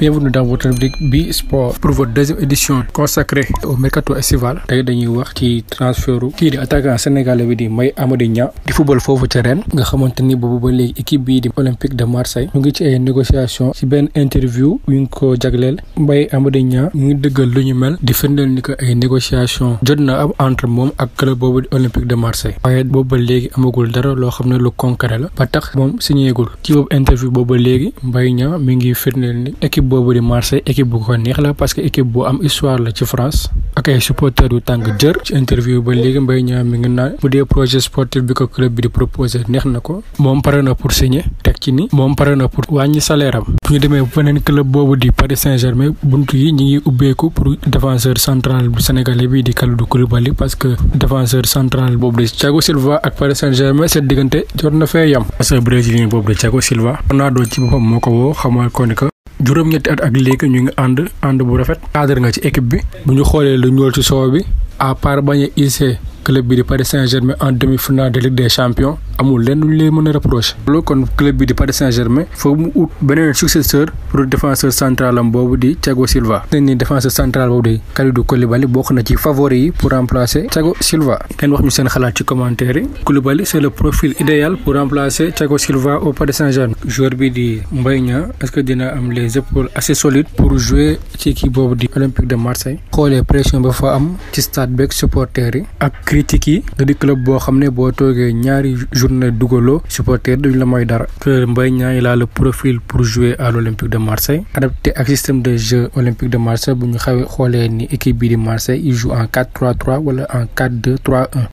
Bienvenue dans votre rubrique Bi Sport pour votre deuxième édition consacrée au mercato estival tey dañuy wax ci transferu kii di attaquant bi di may Amady Niang di football foofu ca Rennes nga xamante ni boobu ba léegi équipe bii di Olympique de Marseille mu ngi ci ay négociation ci benn interview yu ngi ko jagleel Mbaye Amady Niang mu ngi dëggal lu ñu mel di firndeel ni ko ay négociation jot na am entre moom ak club boobu di Olympique de Marseille waaye boobu ba léegi amagul dara loo xam ne lu concret la ba tax moom signéegul ci boobu ba léegi Mbaye boobu di Marseille équipe bu ko neex la parce que équipe bu am histoire la ci France ak tàng jër ci interview ba léegi Mbaye Niang mi ngi naan bu dee projet sportif bi ko club bi di proposé neex na ko moom pare na pour signer teg ci ni moom pare na pour wàññi salaire am demee beneen club boobu di Paris Saint-Germain buntu yi ñi ngi ubbeeku pour défenseur central bu sénégalais bi di Kalidou Koulibaly parce que défenseur central boobu di Thiago Silva ak Paris Saint-Germain seen juróom-ñetti at ak léegi ñu ngi ànd ànd bu rafet cadre nga ci équipe bi bu ñu xoolee lu ñuul ci soow bi à part bañ a club bi di Paris Saint-Germain en demi-finale de Ligue des Champions amul lenn lu lay mën a reproché. loolu kon club bi di Paris Saint-Germain foog mu ut beneen successeur pour défenseur central am boobu di Thiago Silva. nee ni défenseur central boobu di Kalidou Koulibaly bokk na ci favori yi pour remplacer Thiago Silva. ngeen wax ñu seen xalaat ci commentaire yi. Koulibaly c'est le profil idéal pour remplacer Thiago Silva au Paris Saint-Germain. joueur bi di Mbaye Niang que dina am les épaules pour jouer ci boobu di Olympique de Marseille. xoolee pression ba fa am ci yi critique yi nga di club boo xam ne boo toogee ñaari journée dugaloo supporter duñ la mooy dara que Mbaye Niang il a profil pour jouer à l'Olympique de Marseille adapté ak système de jeu Olympique de Marseille bu ñu xawee xoolee ni équipe bi di Marseille il joue en 4 wala en 4-2-3-1